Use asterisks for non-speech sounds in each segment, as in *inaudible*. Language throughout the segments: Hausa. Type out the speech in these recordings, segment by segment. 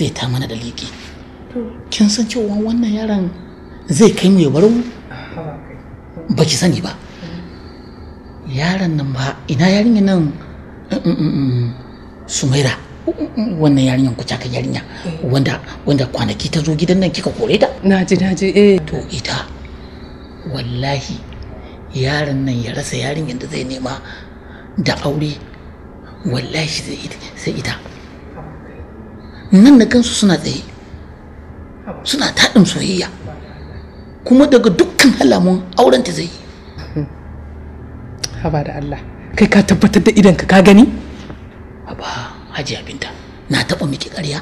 zai ta mana da liƙi kin san cewa wannan yaron zai kai mu ya bar ba ki sani ba yaron nan ba ina yarinya nan mm, mm, mm, sumaira wannan yarinyar ku caka yarinya eh. wanda wanda kwanaki ta zo gidan nan kika kore ta naji naji eh to ita wallahi yaron nan ya rasa yarinyar da zai nema da aure wallahi sai ita nan da kansu suna tsaye suna taɗin soyayya kuma daga dukkan halamun auren ta zai haba da Allah kai ka tabbatar da idanka ka gani haba haji abinta na taɓa miki ƙarya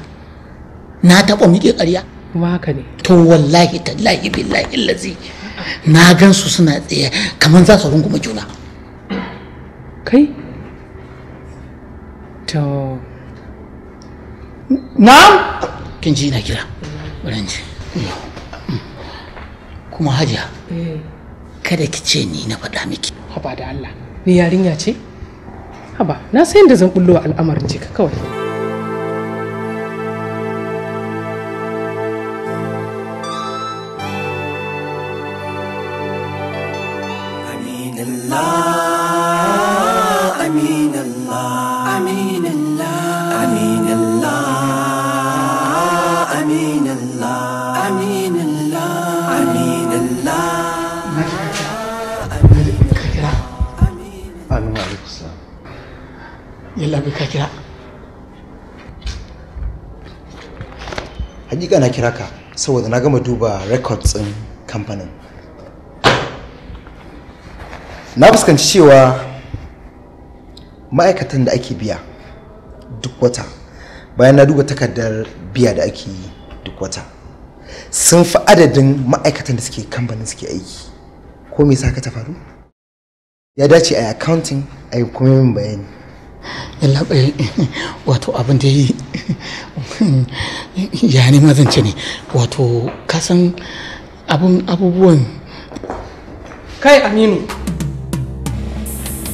na taɓa miki ƙarya kuma haka ne to wallahi tallahi billahi lazi na gansu suna tsaye kamar za su runguma juna kai to na kin ji na kira bari ji kuma hajiya eh. kada ki ce ni na faɗa miki haba da Allah ni yarinya ce haba na san da zan bullo al'amarin jika kawai kira ka saboda na gama duba records ɗin kamfanin na fuskanci cewa ma'aikatan da ake biya duk wata bayan na duba takardar biya da ake yi duk wata sun fi adadin ma'aikatan da suke kamfanin suke aiki ko me sa ka ta faru ya dace a accounting a yi kuma yin bayani yallaɓai wato abin da yi ya ne mazance ne wato kasan abin abubuwan kai aminu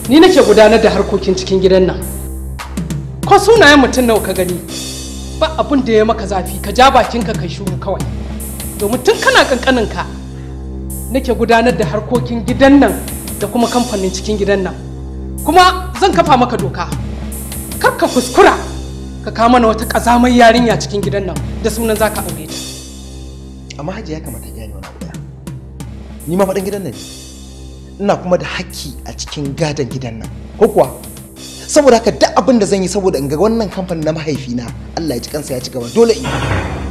ni nake gudanar da harkokin cikin gidan nan ko sunayen mutum nawa ka gani ba abin da ya maka zafi ka ja bakinka kai shuru kawai domin tun kana kankaninka nake gudanar da harkokin gidan nan da kuma kamfanin cikin gidan nan kuma zan kafa maka doka kar ka kuskura ka kawo mana wata ƙazamar yarinya cikin gidan nan da sunan zaka aure ta amma hajji ya kamata ya ni wani abu ni ma faɗin gidan nan ina kuma da haƙƙi a cikin gadon gidan nan ko kuwa saboda haka duk abin da zan yi saboda in ga wannan kamfanin na mahaifina Allah ya ji kansa ya ci gaba dole in yi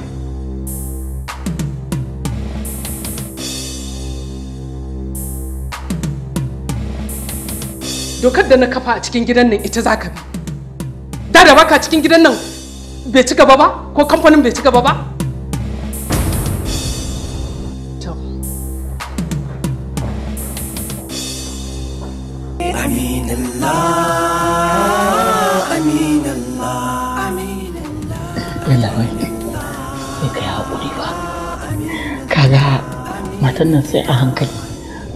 dokar da na kafa a cikin gidan nan ita zaka bi da da baka cikin gidan nan bai ci gaba ba ko kamfanin bai ci gaba ba matan nan sai a hankali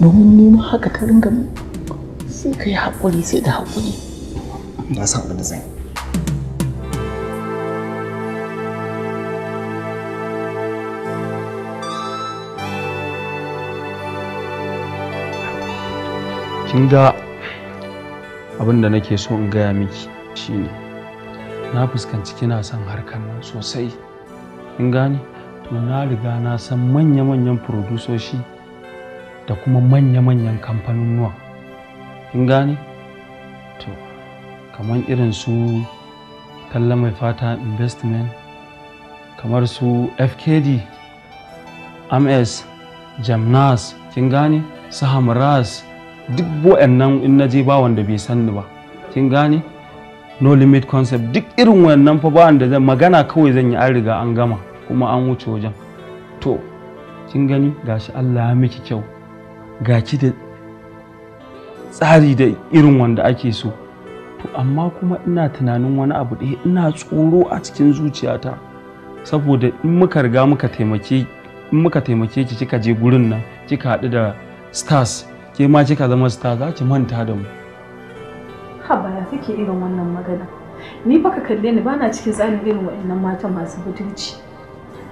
domin neman haka ta ringa sai ka yi sai da haƙuri na san abin da zan kin ga abin da nake so in gaya miki shine na fuskanci kina son harkar nan sosai in gane to na riga na san manya-manyan furodusoshi da kuma manya-manyan kamfanin in gani to kamar irin su kalla mai fata investment kamar su fkd ms jamnas kin gani su hamras duk wa'annan in na je ba wanda bai sanni ba kin gani no limit concept duk irin wannan fa ba wanda zan magana kawai zan yi an riga an gama kuma an wuce wajen to kin gani gashi allah ya miki kyau gaki da tsari da irin wanda ake so to amma kuma ina tunanin wani abu ɗaya ina tsoro a cikin zuciyata saboda in muka riga muka taimake in muka taimake ki kika je gurin nan kika haɗu da stars ke ma kika zama star za ki manta da mu haba ya kake irin wannan magana ni fa ka kalle ni bana cikin tsarin irin waɗannan mata masu butulci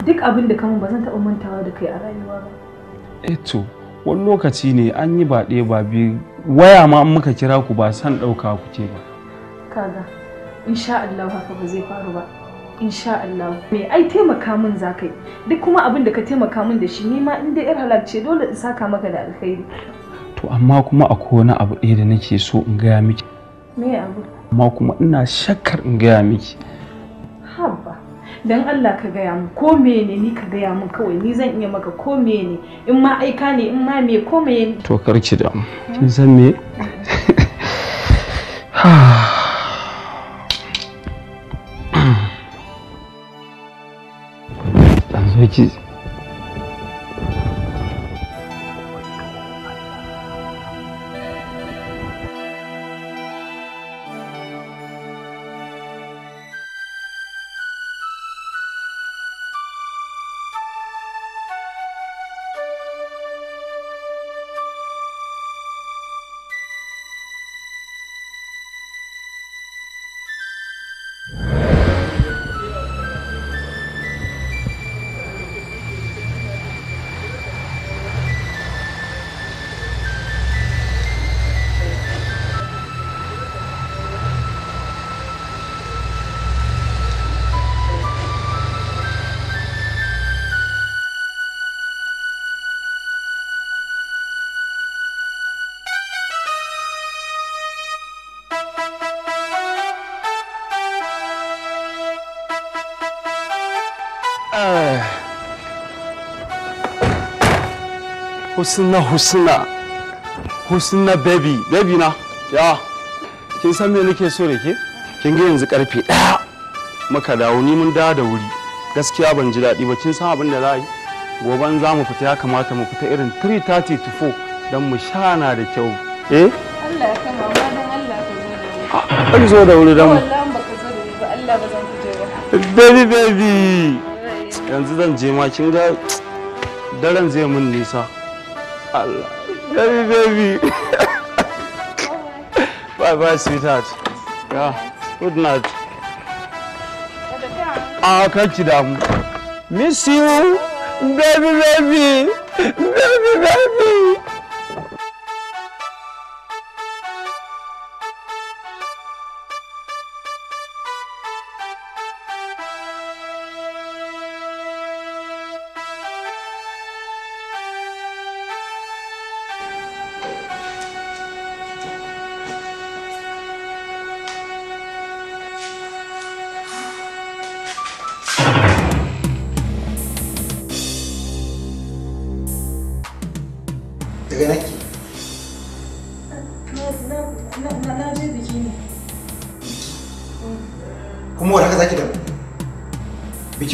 duk abin da kamun ba zan taɓa mantawa da kai a rayuwa ba eh to wani lokaci ne an yi ba ɗaya ba biyu waya ma an muka kira ku ba san ɗauka kuke ba kaga insha Allah haka ba zai faru ba insha Allah me ai taimaka min za ka yi duk kuma abin da ka taimaka min da shi ni ma inda yar halak ce dole in saka maka da alkhairi to amma kuma akwai wani abu ɗaya da nake so in gaya miki me abu amma kuma ina shakkar in gaya miki dan Allah ka gaya min ko mene ni ka gaya min kawai ni zan iya maka ko mene in ma aika ne in ma me ko mene to karki da hmm? kin san me dan *laughs* *sighs* zo ki husna husna husna baby baby na ya kin san me nake so da ke kin ga yanzu karfe daya muka dawo ni mun dawo da wuri gaskiya ban ji daɗi ba kin san abin da za yi goban za mu fita ya kamata mu fita irin 3:30 to 4 don mu shana da kyau eh Allah ya kama ma don Allah ka zo da wuri an zo da wuri don wallahi baka zo da wuri ba Allah ba zan fito ba baby baby yanzu zan je ma kin ga daren zai mun nisa Allah. Baby, baby. bye bye, sweetheart. Yeah. Good night. I'll ah, catch you down? Miss you, baby, baby, baby, baby.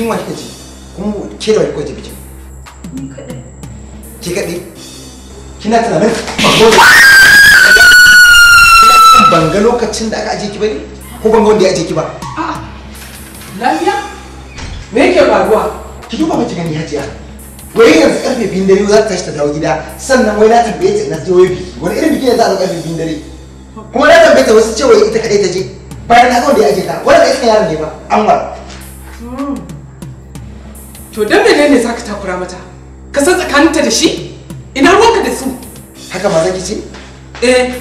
bikin wa kike ji kuma ke da wani kwaje bikin ni kaɗai ke kaɗai kina tunanin ban ga lokacin da aka aje ki bane ko ban ga wanda ya aje ki ba a'a lafiya me yake faruwa ki duba ba ki gani jiya? wai yanzu karfe biyun dare za ta tashi ta dawo gida sannan wai na tambaye ta na je wai biki wani irin biki ne za a zo karfe biyun dare kuma na tambaye ta wasu cewa ita kadai ta je bayan na ga wanda ya aje ta wanda irin yaron ne ba an wara To dan ne za ka takura mata? Ka san tsakaninta da shi? Ina ruwanka da su? Haka ba zaki ce? Eh.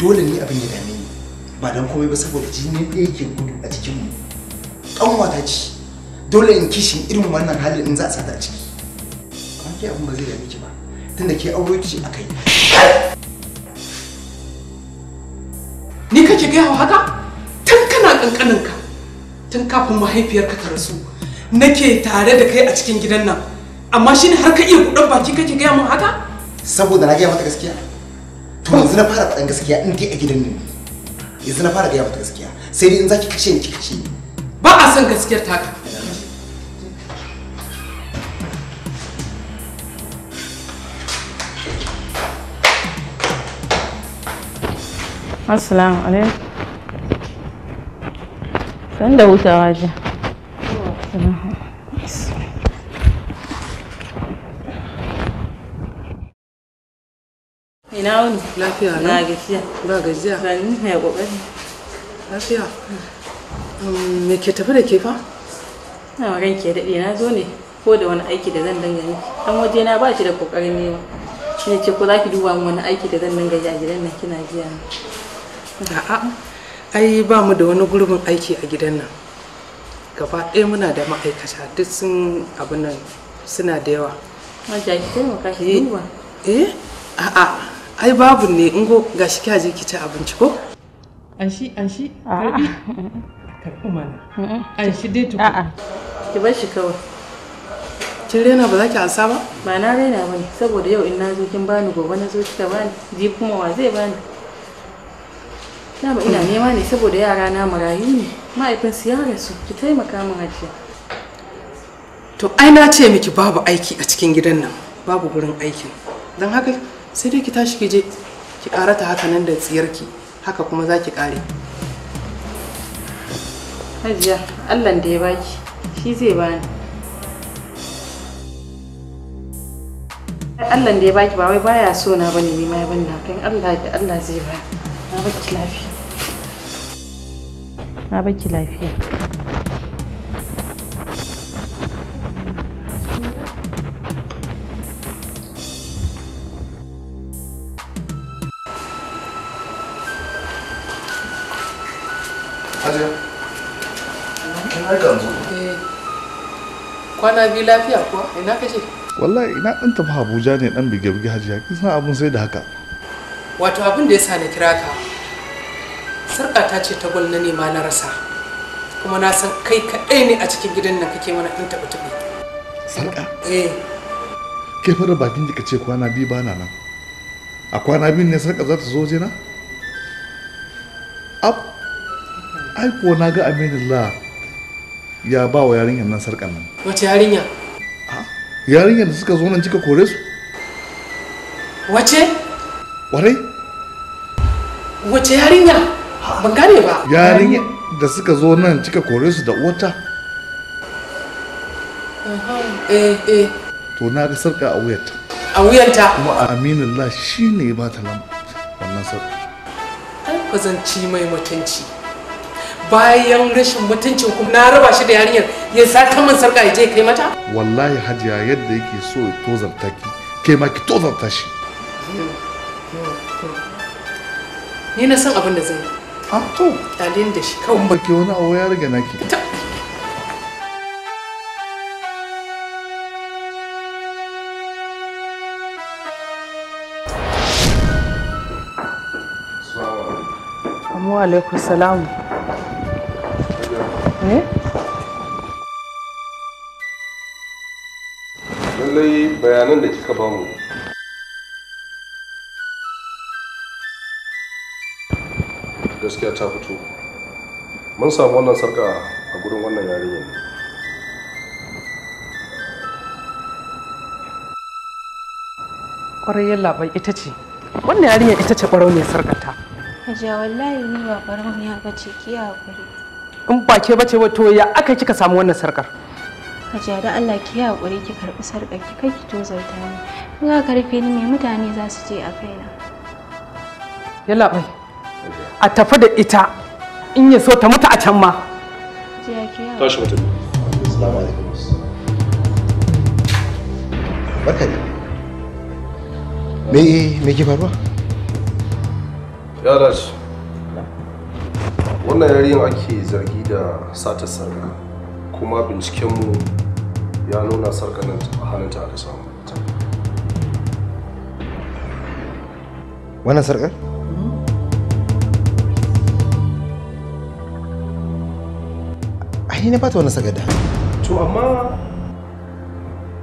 Dole ne abin ya dame ni. Ba dan komai ba saboda jini ɗaya ke gudu a jikinmu. Ƙanwata ce. Dole in kishi irin wannan halin in za a sata a ciki. Amma ke abin ba zai dame ki ba. Tunda ke aure ce akai. kafin mahaifiyarka ta rasu nake tare da kai a cikin gidan nan amma shine har ka iya kudan baki kake gaya min haka saboda na gaya mata gaskiya to yanzu na fara faɗan gaskiya in kai a gidan nan yanzu na fara gaya mata gaskiya sai dai in zaki kashe ni ki kashe ni ba a son gaskiyar ta Assalamu alaikum. san hmm, da hutawa ji ina wani lafiya na gajiya ba gajiya ba ni ya kokari lafiya me ke tafi da ke fa na ran ke daɗe na zo ne ko da wani aiki da zan danga yi dan waje na ba shi da kokarin nema shi ne ce ko za ki duba wani aiki da zan danga yi gidan nan kina jiya a'a ai ba mu da wani gurbin aiki a gidan nan gaba ɗaya muna da ma'aikata duk sun abin nan suna da yawa eh, eh a'a ai babu ne ingo ga shi kya je ki ci abinci ko an shi an shi karbi karbi mana an dai tuku a'a ki bar shi kawai kin rena ba za ki ansa ba ba na rena bane saboda yau in na zo kin bani gobe na zo kika bani ji kuma wa zai bani Dama ina nema ne saboda yara na marayu ne. Ma'aikin ya rasu, ki taimaka min hajiya. To ai na ce miki babu aiki a cikin gidan nan, babu gurin aikin. Dan haka sai dai ki tashi ki je ki karata haka nan da tsiyarki, haka kuma za ki kare. Hajiya, Allah da ya baki, shi zai bani. Allah da ya baki ba wai baya so na bane ne ma ya bani na kai Allah da Allah zai bani. Na baki lafiya. Na baki lafiya. Hajiya. Kin aika Eh. Kwana biyu lafiya kuwa? Ina kace? Wallahi ina dan tafi Abuja ne ɗan bige-bige hajiya. Kin san abun sai da haka. wato abin da ya sa na kira ka sarka ta ce ta gwal na nema na rasa kuma na san kai kaɗai ne a cikin gidan nan kake mana ɗin taɓa taɓa sarƙa eh kai fara bakin ka ce kwana biyu ba na nan a kwana biyu ne sarka za ta zo je na ab ai ko na ga aminullah ya ba wa yarinyar nan sarkan nan wace yarinya yarinyar da suka zo nan kika kore su wace? Warai? wace yarinya ban gane ba yarinya da suka zo nan cika kore su da uwata eh, eh. to na ga sarka a wuyanta a wuyanta. kuma shi ne ba bata nan wannan sarka kwazanci mai mutunci bayan rashin mutuncin kuma na raba shi da yarinyar ya sa ta man sarka ya je kai mata wallahi hajiya yadda yake so ya tozarta ki kai ma ki tozarta shi ni na san abin da zai yi a to dalilin da shi kawai baki wani awo ya riga naki Wa alaikum salam. Eh? Lallai bayanan da kika mu gaskiya ta fito mun samu wannan sarka a gurin wannan yarinyar ne ƙwararriyar labar ita ce wannan yarinyar ita ce ƙwarau ne sarkata hajiya wallahi ni ba ƙwarau ne ba ce ki haƙuri in ba ke bace wato ya aka kika samu wannan sarkar hajiya da Allah ki haƙuri ki karɓi sarkar ki kai ki tozarta ni in ka karfe ni mai mutane za su je a kaina ya a tafi da ita in ya so ta mutu a can ma tashi mutum barka ne me me ke faruwa yara wannan yarin ake zargi da sata sarka kuma bincikenmu ya nuna sarka nan a hannunta aka samu wannan sarkar ni na bata wani sagada to amma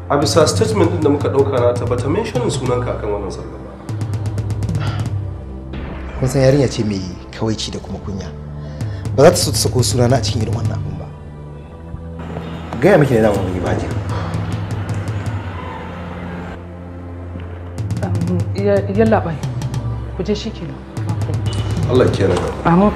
a bisa statement din da muka dauka na ta bata mentionin sunanka kan wannan sallah ba kun san yarinya ce mai kawaici da kuma kunya ba za ta so ta sako sunana a cikin irin wannan abin ba gaya miki ne za mu yi ba yalla bai ku je shi kenan Allah kenan amma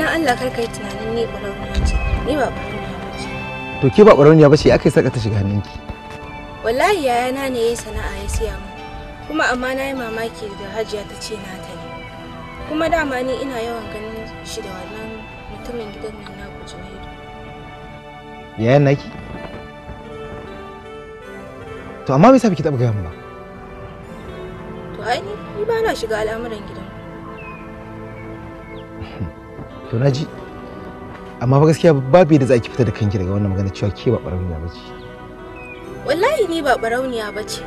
dan Allah kar kai tunanin ni barauniya ce ni ba barauniya ba ce to ke ba barauniya ba ce aka yi saka ta shiga hannunki wallahi na ne yayi sana'a ya siya mu kuma amma na yi mamaki da hajiya ta ce na ta ne kuma dama ni ina yawan ganin shi da wannan mutumin gidan nan na ku Junaidu yayan naki to amma me yasa biki taɓa gaya mu ba to ai ni ba na shiga al'amuran gidan to naji amma fa gaskiya babu yadda za ki fita da kanki daga wannan magana cewa ke ba barauniya ba ce wallahi ni ba barauniya ba ce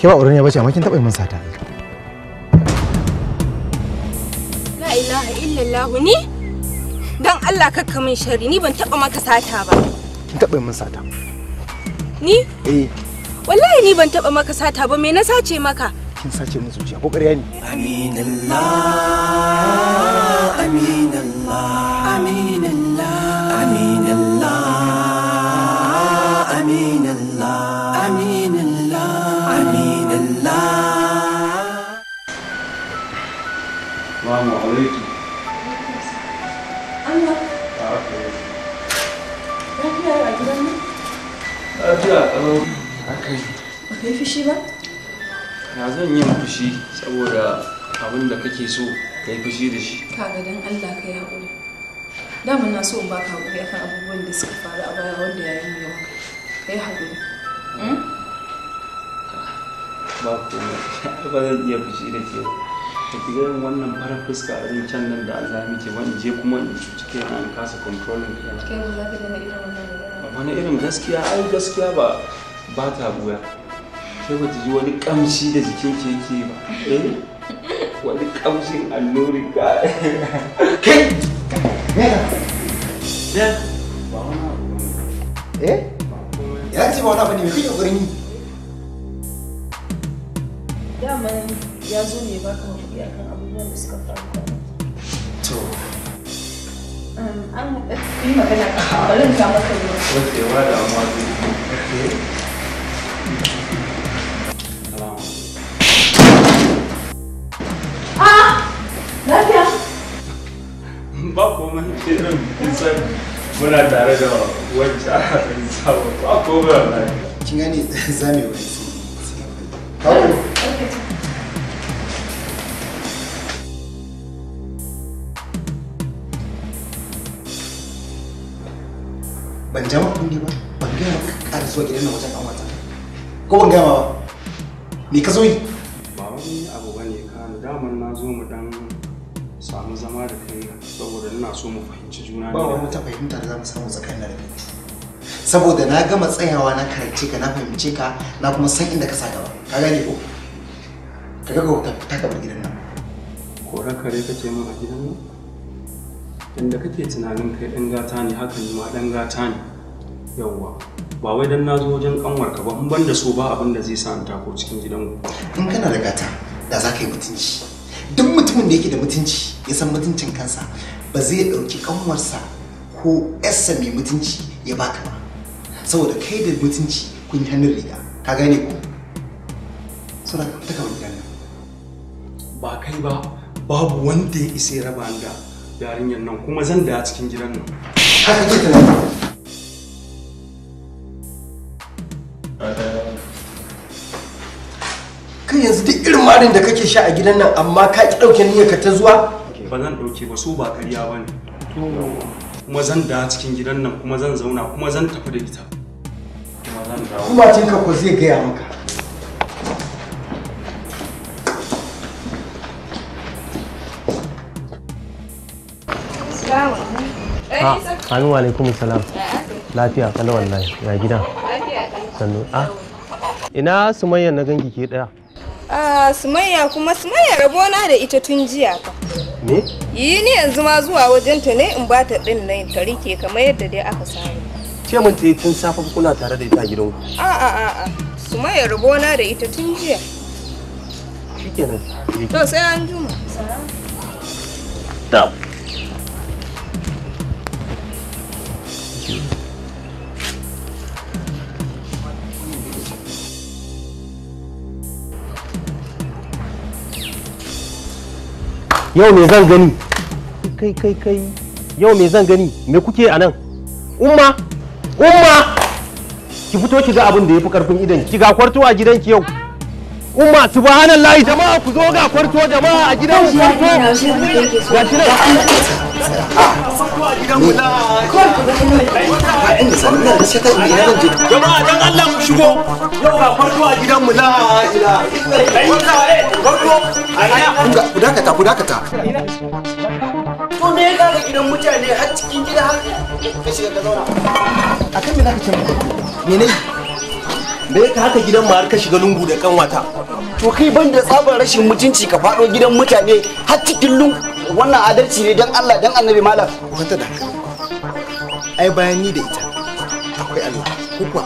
ke ba barauniya ba ce amma kin taɓa yi min sata ai la ilaha illallah ni dan Allah kakka min shari ni ban taɓa maka sata ba kin taɓa yi min sata ni eh wallahi ni ban taɓa maka sata ba me na sace maka kin sace min zuciya ko ƙarya ne aminallah kake so ka yi fushi da shi kaga dan Allah ka ya ƙuri dama na so in ka hakuri akan abubuwan da suka faru a baya wanda ya yi yawa ka yi hakuri hmm? ba komai *laughs* ba zan iya fushi da ke ta fi ganin wannan farar fuska a zan can nan da Allah ya ce, wani je kuma in cuci kai na an kasa controlling kai na kai ba za ka dana irin wannan da. wani irin gaskiya ai gaskiya ba ba ta buya sai ba ta ji wani kamshi da jikin ke ba eh wani kamshin alluri ka *laughs* kai eh ya ce ba wani abu ne mai fi ƙoƙarin yi ya zo ne ba kama kuɗi akan abubuwan da suka faru to an yi magana a balin ta maka yi wasu da amma ba komai kenan kusan muna tare da wacce aka yi ba komai wallahi kin gane zame wani ban ja maka ba ban gaya maka ƙara zuwa gidan na ko ban gaya ma ba me ka zo yi juna ba wani ta fahimtar da za mu samu tsakanin da saboda na gama tsayawa na karance ka na fahimce ka na kuma san inda ka sa gaba ka gane ko ka ga ta ta gaba gidan nan koran kare kake mun a gidan nan inda kake tunanin kai dan gata ne haka ne ma dan gata ne yawwa ba wai dan nazo wajen kanwar ka ba in ban da so ba abin da zai sa in tako cikin gidan ku in kana da gata da za ka yi mutunci duk mutumin da yake da mutunci ya san mutuncin kansa ba zai ɗauki ƙanwarsa ko yarsa mai mutunci ya baka ba saboda kai da mutunci kun yi hannun riga ka gane ku suna ta kama gidan nan ba kai ba babu wanda ya isa raba da yarinyar nan kuma zan da cikin gidan nan haka ke tunani kai yanzu duk irin marin da kake sha a gidan nan amma ka ki ɗauke niyyar ka ta zuwa ba zan ɗauke ba su ba kariya ba ne kuma zan da cikin gidan nan kuma zan zauna kuma zan tafi da ita kuma cinka ko zai gaya maka Hannu eh, ah, alaikum salam. Eh, Lafiya kala wallahi ya gida. Sannu ah, Ina Sumayya na gangi ke daya. Ah Sumayya kuma Sumayya rabona da ita tun jiya fa. ne? yi ni yanzu ma zuwa wajenta ne in ba ta ɗin nan ta rike kamar yadda dai aka samu ce mun tayi tun safe kuna tare da ita gidan ku a a a a su ma yarbo na da ita tun jiya shikenan to sai an juma da yau me zan gani kai kai kai yau me zan gani me kuke a nan umma umma ki fito ki ga abin da ya fi karfin idan ki ga kwarto a gidanki yau al'umma layi jama'a ku zo ga kwarto jama'a a gidan mu kwarto ga shi nan a gidan mu y'a jama'a Allah mu shigo yau ga kwarto a gidan mu la ila kwarto ku dakata ku dakata to me ya kaga gidan mutane har cikin gida har ka shiga ka zauna akan me zaka ce da ya haka gidan mu har ka shiga lungu da kanwata to kai ban da tsabar rashin mutunci ka fado gidan mutane har cikin lungu wannan adalci ne dan Allah dan annabi malam wata da ai bayan ni da ita akwai Allah ko kuwa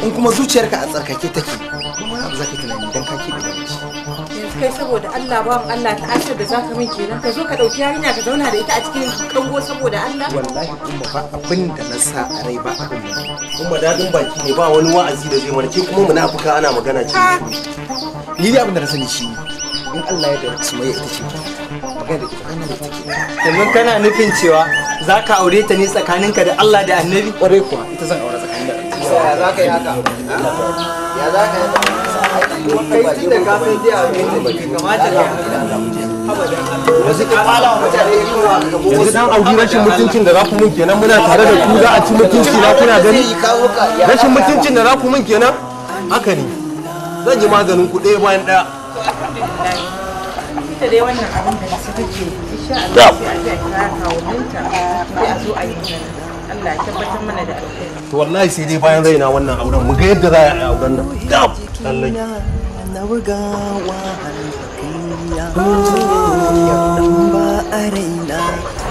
in kuma zuciyarka a tsarkake take kuma za ka tunani dan ka ke da kai saboda Allah mu Allah ta asir da zaka min kenan ka zo ka dauki yarinya ka zauna da ita a cikin kango saboda Allah wallahi umma ba abin da na sa a rai ba abin umma dadin baki ne ba wani wa'azi da zai mana ke kuma munafuka ana magana ce ni dai abin da na sani shi in Allah ya da su mai ita ce magana da ita ana da take sannan kana nufin cewa za ka aure ta ne tsakaninka da Allah da Annabi kware kuwa ita zan aure tsakanin da Allah ya yi haka ya zaka yi haka kai da yanzu dan rashin mutuncin da za ku mun kenan muna tare da ku za a ci mutunci na kuna gani rashin mutuncin da za ku mun kenan haka ne zan ji maganin ku ɗaya bayan ɗaya wannan abin da su take insha a je a kira a zo a yi to wallahi sai dai bayan raina wannan auren mu ga yadda za a yi auren nan lallai na bugawa ah. a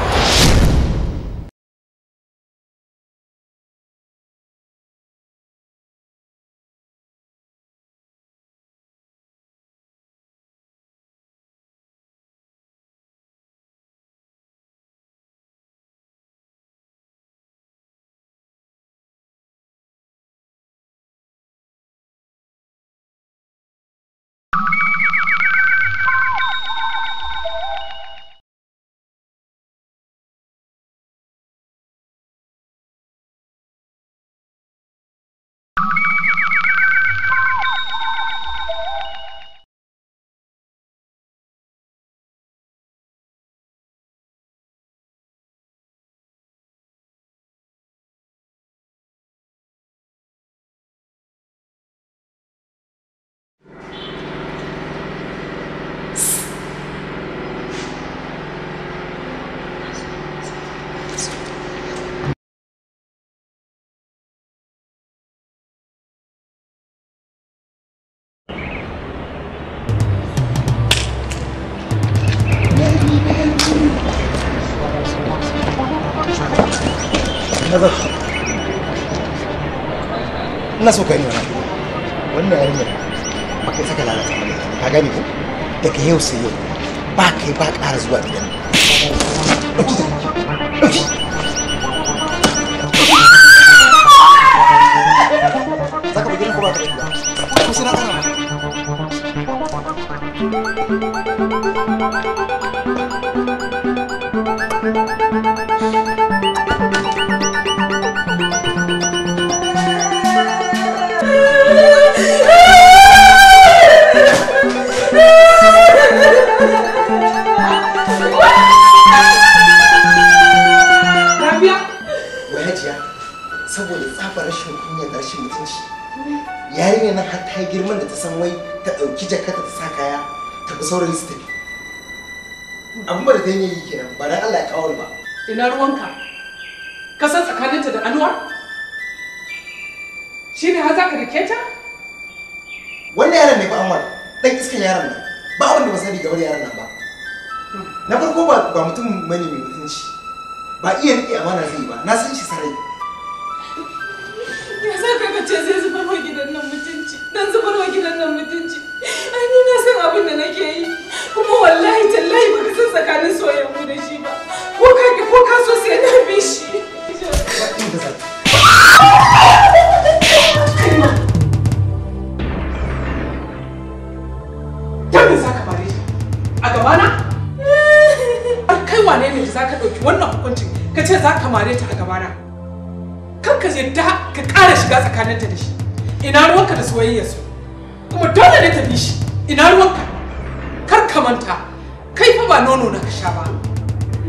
ina so ka yi wani wannan yarinyar ba kai saka lalata ka gani ko daga yau sai yau ba kai ba ƙara zuwa gidan Thank you. karshen mutunci yarinya nan har ta girman da ta san wai ta ɗauki jakarta ta sa kaya ta bi saurayi su tafi abin da ta yi yi kenan ba dan Allah ya kawo ba ina ruwanka ka san tsakaninta da Anwar shine har zaka rike ta wannan yaron ne ba Anwar dan iskan yaron nan ba wanda ba sani game da yaron nan ba na farko ba mutum mani mai mutunci ba iya riƙe amana zai ba na san shi sarai ya za ka kace zai zubar gidan nan mutunci gidan nan mutunci ai ni na san abin da nake yi kuma wallahi tallahi baka san tsakanin soyayyen mu shi ba ko ka ko ka so sai na bi shi wannan hukuncin ka ce za ka mare ta a gabana ka yadda ka ƙara shiga tsakaninta da shi ina ruwanka da soyayya su kuma dole ne ta bi shi ina ruwanka kar ka manta kai fa ba nono na ka sha ba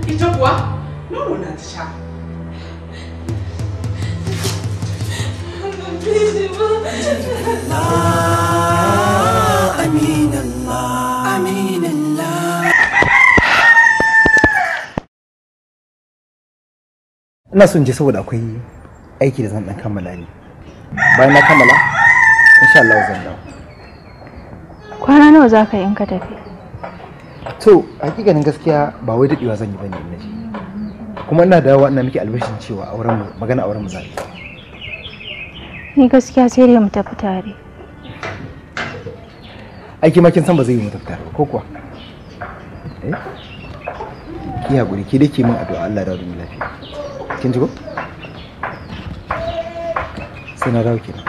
ita kuwa nono na ta sha ina son je saboda akwai aiki da zan dan kammala ne bayan na kammala insha Allah zan dawo kwana nawa za ka yi in ka tafi to hakikanin gaskiya ba wai daɗewa zan yi bane in naje kuma ina dawowa ina miki albashin cewa auren mu magana auren mu za ni gaskiya sai dai mu tafi tare aiki ma kin san ba zai yi mu tafi tare ko kuwa eh ki hakuri ki dake min addu'a Allah da mu lafiya kin ji ko sai na dawo kenan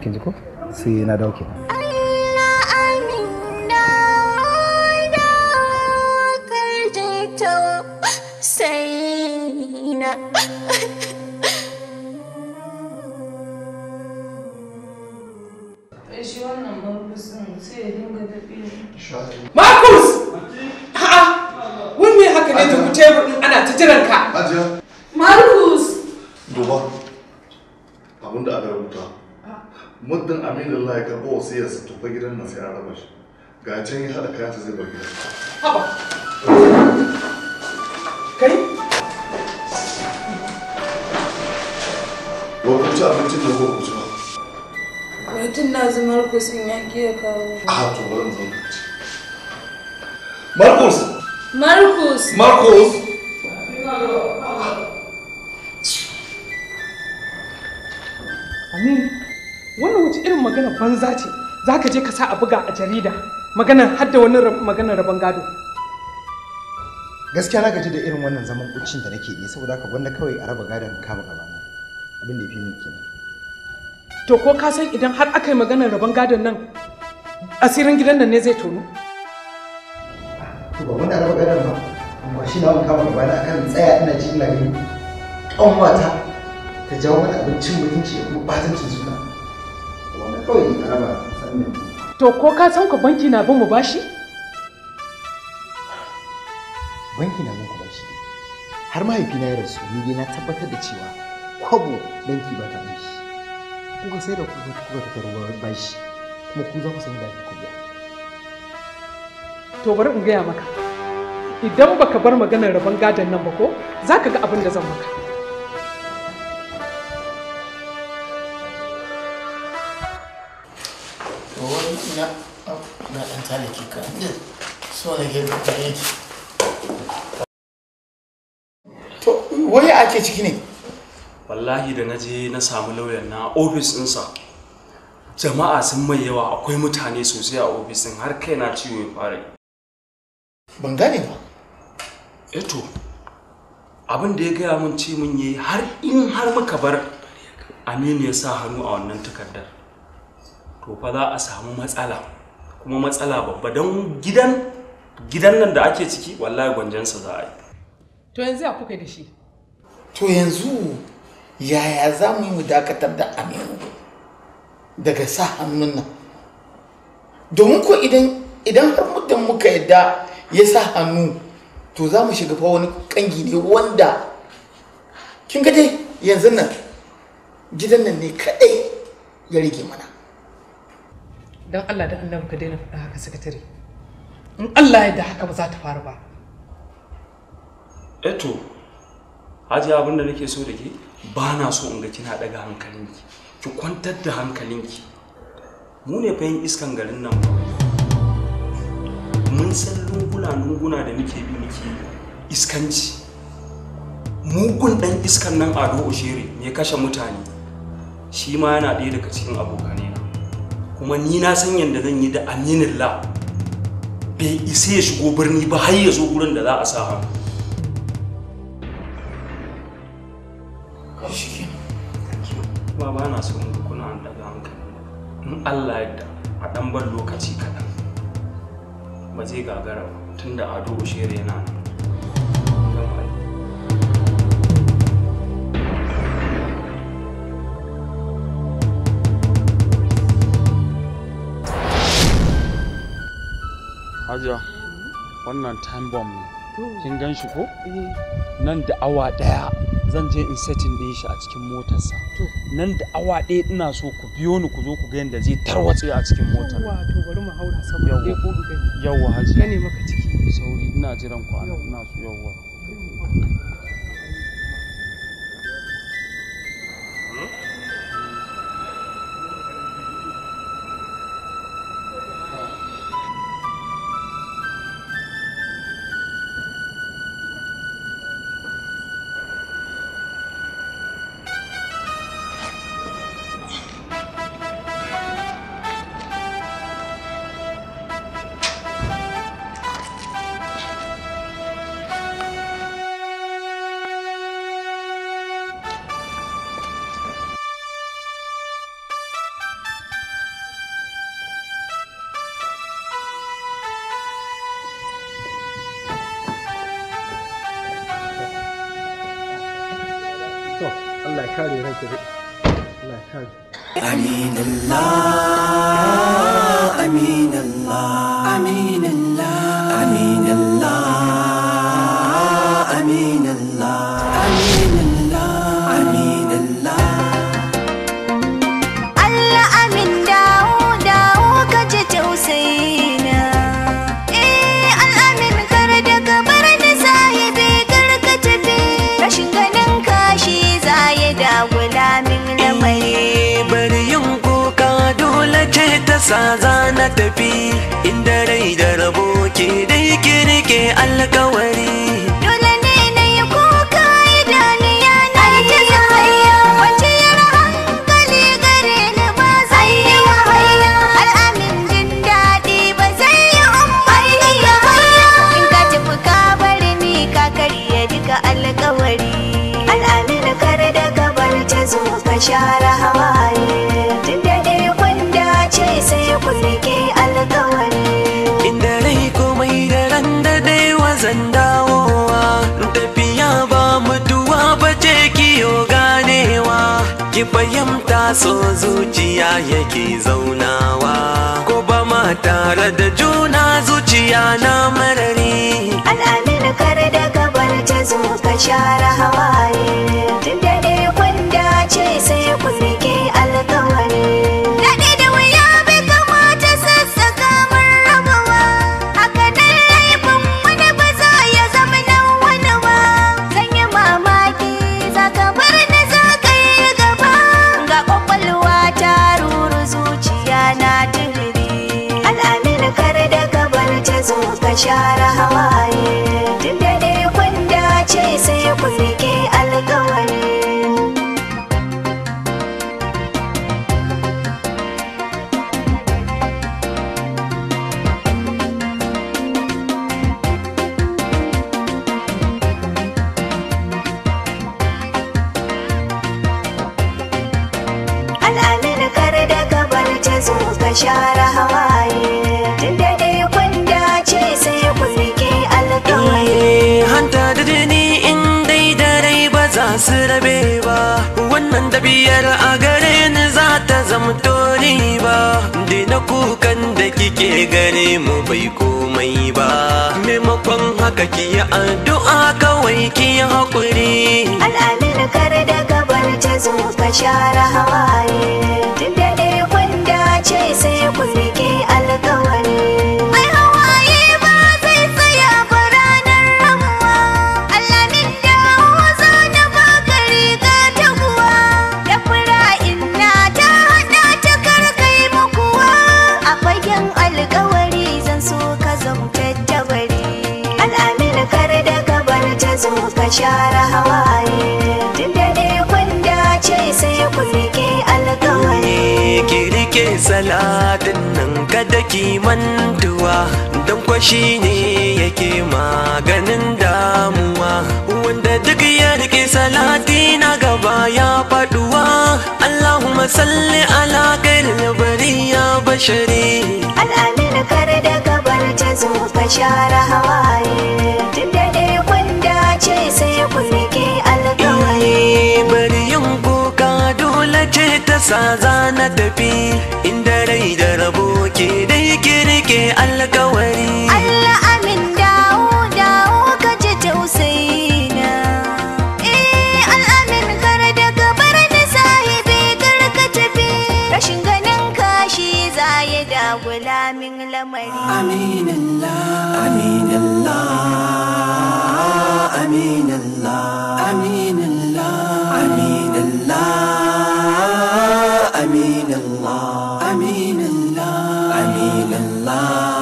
kin ji ko sai na dawo kenan Ma alhamdulillah ya karɓi wasiyar su tufa gidan nan sai a raba shi ga can haɗa kayansa zai bar gidan kai ba ku ci abincin da ko ku ci ba na in yanki ya kawo a to bari mu zo magana banza ce za ka je ka sa a buga a jarida magana har da wani magana rabon gado gaskiya na gaji da irin wannan zaman kucin da nake yi saboda ka gwanda kawai a raba gadon kama gaba na abin da ya fi min kenan to ko ka san idan har aka yi maganar rabon gadon nan asirin gidan nan ne zai tono to ba wanda raba gadon ba amma shi na kama gaba na akan tsaya ina ji ina gani kanwata ta jawo mana abincin mutunci ya kuma batancin suna kawai raba sannan to ko ka san ku banki na bin mu bashi banki na bin ku bashi har mahaifina ya rasu ni dai na tabbatar da cewa kwabo banki ba ta bashi kuka sai da kuka ga ta ruwa bashi kuma ku za ku san da ku biya to bari in gaya maka idan baka bar maganar rabon gadon nan ba ko zaka ga abin da zan maka just want to give ake ciki ne wallahi da naje na samu lauyan na ofis ɗinsa jama'a sun mai yawa akwai mutane sosai a ofisin har kai na ciwo ya fara ban gane ba eto eh abin da ya gaya mun ce mun yi har in har muka bar aminu ya sa hannu a wannan takardar to fa za a samu matsala kuma matsala babba don gidan gidan nan da ake ciki wallahi gwanjansa za a yi to yanzu ya kuka da shi to yanzu yaya za mu yi mu dakatar da aminu daga sa hannun nan domin ko idan idan har muddin muka yadda ya sa hannu to za mu shiga fa wani kangi ne wanda kin ga dai yanzu nan gidan nan ne kadai ya rige mana don allah da Allah ka daina faɗa haka sakatare in Allah ya da haka ba za ta faru ba eto eh haji abin da nake so da ke ba na so in ga kina daga hankalinki ki kwantar da hankalinki mu ne fa iskan garin nan ba mun san lunguna lunguna da muke bi muke iskanci mugun dan iskan nan ado oshere mai kashe mutane shi ma yana ɗaya daga cikin abokanai kuma ni na san yadda zan yi da aminin la bai isa ya shigo birni ba har ya zo gurin da za a sa hannu Baba na son ga da daga in Allah ya a dan bar lokaci kaɗan ba zai gagara tunda ado ushere yana nan hajiya wannan time bomb ne kin gan shi ko eh. nan da awa daya zan je in setin din shi a cikin motarsa nan da awa daya ina so ku biyo ni ku zo ku ga yadda zai tarwatse a cikin motar to bari mu haura sama dai ko gani Yawwa, hajiya ne maka ciki sauri ina jiran ku ana ina so yawwa. ya kare ranki da Allah ya kare Saza za na tafi inda rai da rabo ke dai kirke alkawari san dawowa tafiya ba mutuwa ba ce kiyo ganewa ki fahimta so zuciya yake zaunawa ko ba ma tare da juna zuciya na marari al'amin kar da gabar ta zo ka share hawaye जा रहा ya faduwa Allahumma salli ala bari ya bashari Al'amin kar da gabar ta zo ka share hawaye Tun da dai sai ku alkawari Bari yin kuka dole ce ta sa zana na tafi Inda rai da rabo ke dai ki alkawari Allah amin da gulamin lamari amin Allah amin Allah amin Allah amin Allah amin Allah amin Allah amin Allah amin Allah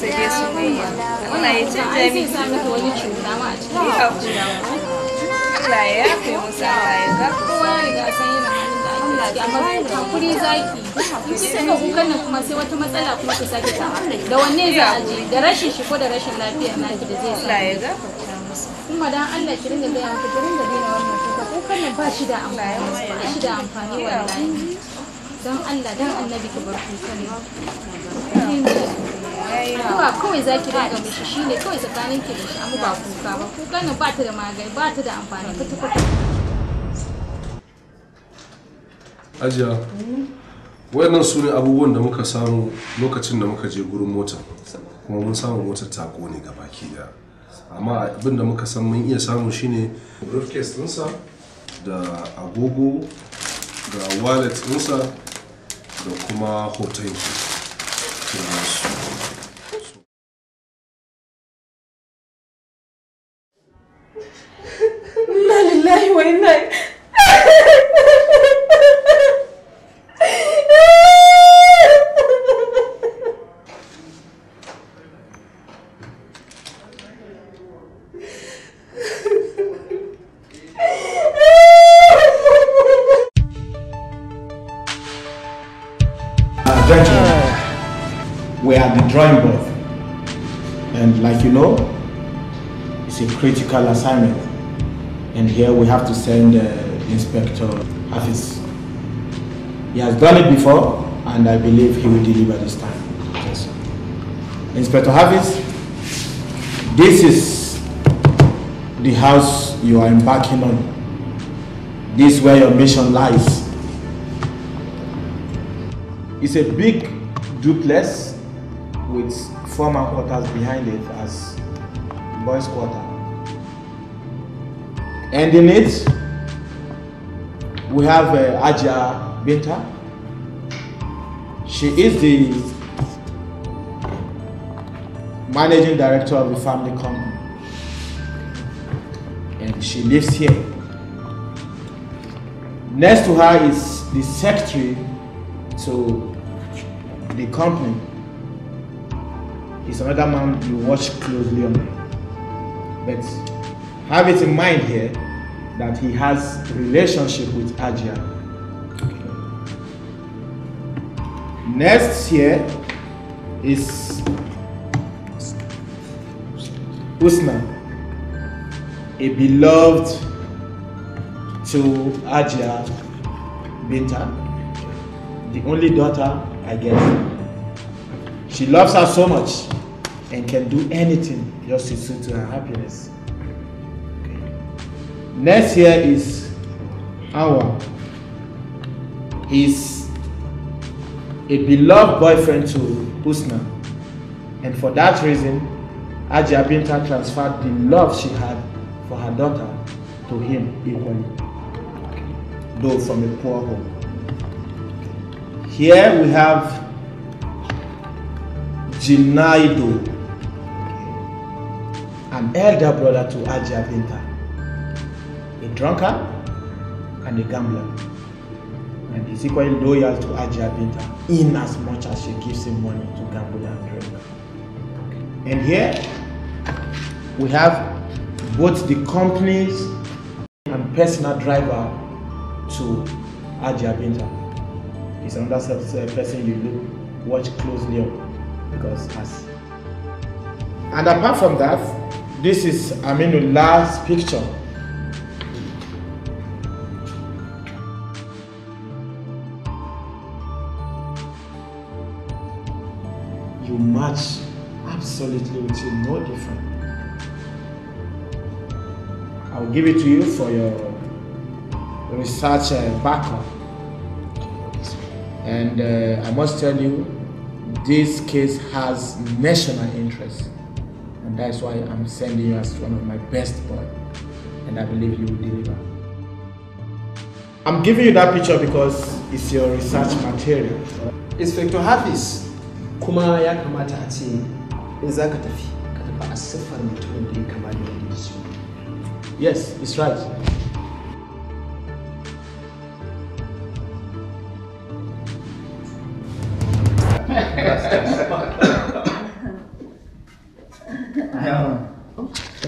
sai dai su gayya muna wani cuta ma a cikin ya kula ya musu ga da ake amma in kuma sai wata matsala kuma ta sake ta da wanne za a je da rashin shi ko da rashin na naki da zai sa Allah ya ga kuma dan Allah ki ringa gaya maka ki ringa daina wannan kuka kukan ba shi da amfani ba shi da amfani dan Allah dan annabi ki bar Kuka kawai za ki rinka mishi kawai tsakanin ki da shi amma ba kuka ba. Kuka ne ba ta da magani ba ta da amfani kwata-kwata. Ajiya, wayannan su ne abubuwan da muka samu lokacin da muka je gurin mota kuma mun samu motar ta ne ga baki daya amma abin da muka san mun iya samu shine briefcase ɗinsa da agogo ga wallet ɗinsa da kuma hoton shi critical assignment. And here we have to send uh, the Inspector Hafiz. He has done it before, and I believe he will deliver this time. Yes. Inspector Harvis, this is the house you are embarking on. This is where your mission lies. It's a big duplex with former quarters behind it as boys' quarter. And in it, we have uh, Aja Binta. She is the managing director of the family company. And she lives here. Next to her is the secretary to the company. He's another man you watch closely on. But have it in mind here that he has relationship with Agia. Next here is Usna, a beloved to Agia Binta, the only daughter, I guess. She loves her so much and can do anything just to suit her happiness. Next year is our is a beloved boyfriend to Usna. And for that reason, Ajia transferred the love she had for her daughter to him equally, though from a poor home. Here we have Jinaido, an elder brother to Ajia a drunkard, and a gambler. And he's equally loyal to Ajia Binta in as much as she gives him money to gamble and drink. And here we have both the companies and personal driver to Ajia Binta. He's another uh, person you look, watch closely on because as and apart from that, this is Aminullah's picture match absolutely with you, no different. I'll give it to you for your research uh, backup. And uh, I must tell you, this case has national interest. And that's why I'm sending you as one of my best boy. And I believe you will deliver. I'm giving you that picture because it's your research material. Inspector Hafiz, kuma ya kamata a ce in za ka tafi ka tafi a siffar mutumin da ya kama da yadda su yes it's right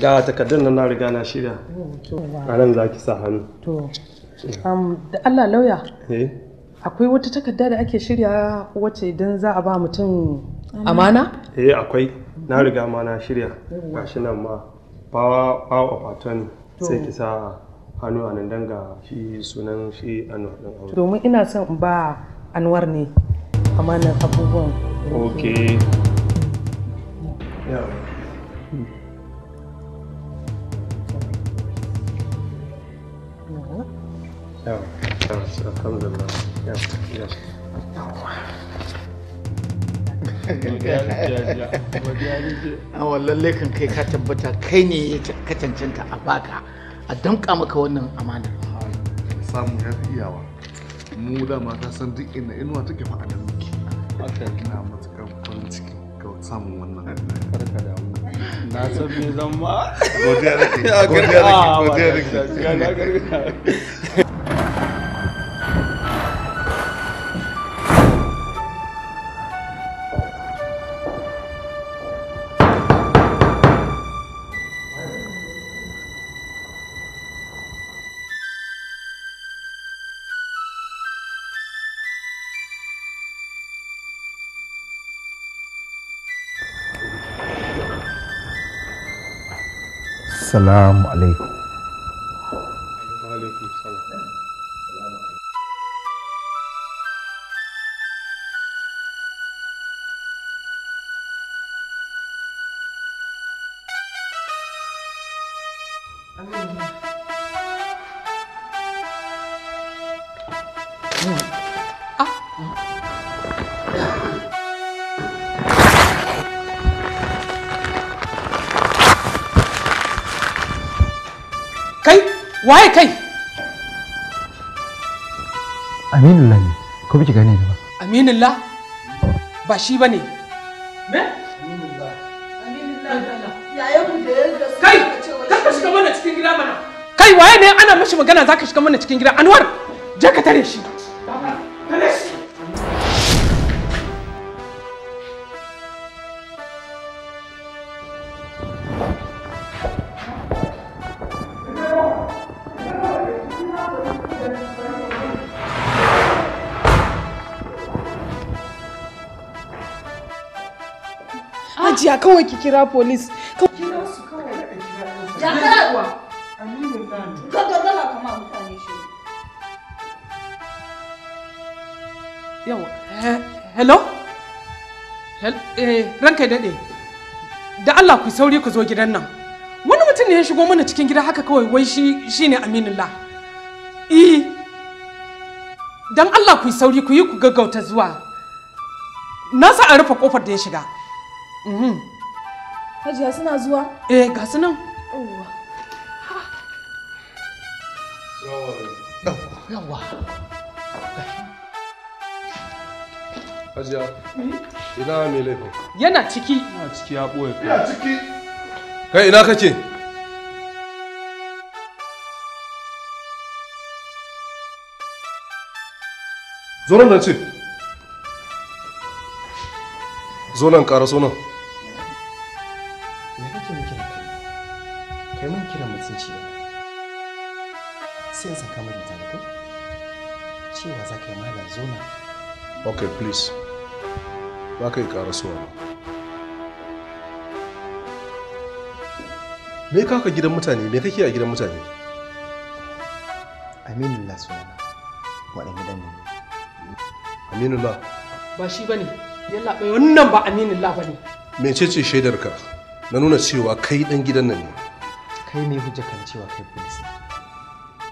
ga takardun nan na riga na shirya oh, a nan za ki sa hannu um, da Allah lauya eh? akwai wata takarda da ake shirya wace idan za a ba mutum amana? eh akwai na riga ma na shirya gashi nan ma bawa bawa sai ki sa hannu a nan danga shi sunan shi anwar din aure domin ina son in ba anwar ne amanar abubuwan ok yeah. Yeah, Yeah. Joo, jos. Awa lalle kan kai ka tabbata kai ne ka cancanta a baka a danka maka wannan amana. Samu ya fi iyawa. Mu da mata san duk inda inuwa take fa a nan muke. Haka ina matukar farin ciki ga samun wannan. Farka da mu. Na san me zan ma. Godiya nake. *laughs* Godiya nake. Godiya ah, nake. Assalamu alaikum. waye kai aminullah ne ko biki gane ni ba aminullah ba shi bane me aminullah aminullah yayin da ya kai ka shiga mana cikin gida mana kai waye ne ana mishi magana zaka shiga mana cikin gida anwar je ka tare shi kawai ki kira police kira su kawai da a jami'a aminu dani ka dogara kama mutane shi yawa hello eh, ranka daɗe da Allah ku sauri ku zo gidan nan wani mutum ne ya shigo mana cikin gida haka kawai wai shi shine aminullah eh dan Allah ku sauri ku yi ku gaggauta zuwa na sa a rufe kofar da ya shiga mhm. Hajiya suna zuwa? Eh, ga su nan. Yawwa. Yawwa. Hajiya, ina mai laifin? Yana ciki. Yana ciki ya ɓoye Yana ciki. Kai ina kake? Zo nan da ce. Zo nan ƙara nan. sai saka mai ta ko cewa za ka yi malam zona okay please ba ka yi karasuwa ba me ka gidan mutane me kake a gidan mutane aminu la sunana waɗan gidan ne aminu la ba shi ba ne yalla bai wannan ba aminu la ba ne mecece shaidarka na nuna cewa kai ɗan gidan nan ne kai ne hujjakan cewa kai police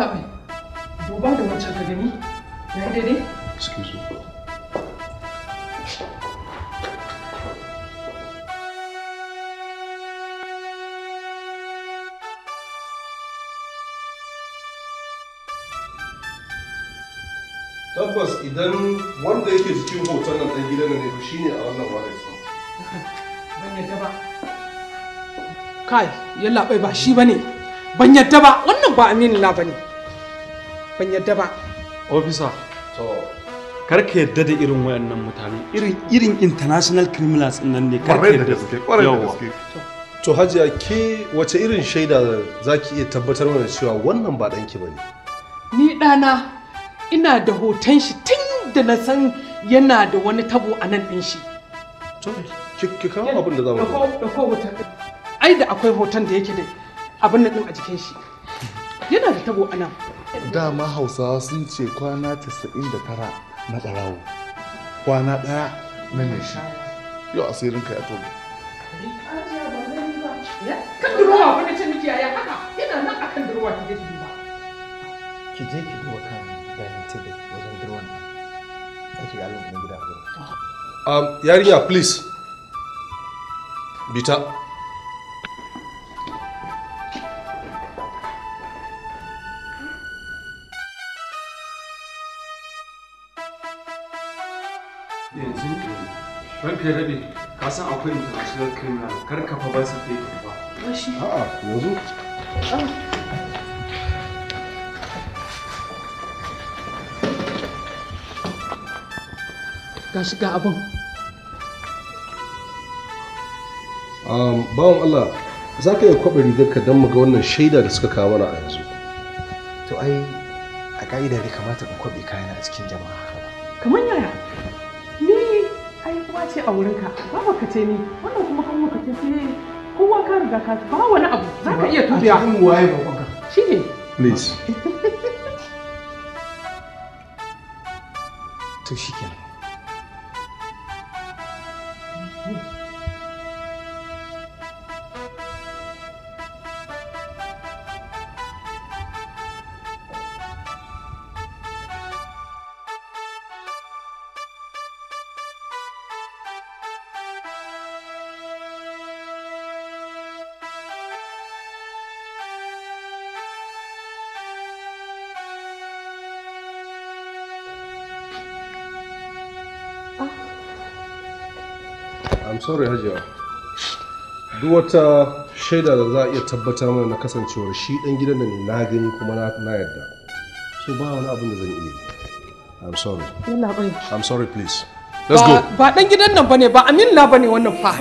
yalla da tabbas idan wanda yake cikin hoton nan ɗan gidan ba kai yalla bai ba shi bane ban yadda ba wannan ba aminu na bane ban yadda ba Ofisa, to kar ka yadda da irin wayannan mutane irin irin international criminals nan ne kar ka yadda da gaske kwarai da gaske to hajiya ke wace irin shaida za ki iya tabbatar mana cewa wannan ba danki bane ni dana ina da hoton shi tun da na san yana da wani tabo a nan din shi to ki kawo abin da za mu ai da akwai hoton da yake da abin nan din a jikin shi yana da tabo a nan dama hausawa sun ce kwana 99 na ɓarawo kwana ɗaya na ne shi yau asirin ka ya tobe kan durowa na can miki yaya haka yana nan akan durowa ki gaji ba ki je ki duba kan dining table wajen durowa nan za ki ga alon gida gurin yarinya please bita ranka ya rabe ka san akwai international criminal kar ka fa ba su fake ba a'a yanzu ga shi ga abin bawan Allah za ka iya kwaɓa rigarka don muga wannan shaida da suka kawo mana a yanzu to ai a ka'ida ne kamata in kwaɓe kayana a cikin jama'a kamar yaya ce a wurinka ba ka ce ni wannan kuma kan ka ce sai kowa ka riga ka ba wani abu za ka iya tubiya a cikin waye babban ka shi ne please *laughs* to shi kenan sorry hajiya duk wata shaida da za a iya tabbatar mana na kasancewar shi dan gidan da ne na gani kuma na yarda so ba wani abin da zan iya i'm sorry i'm sorry please let's go ba dan gidan nan bane ba amin na bane wannan fa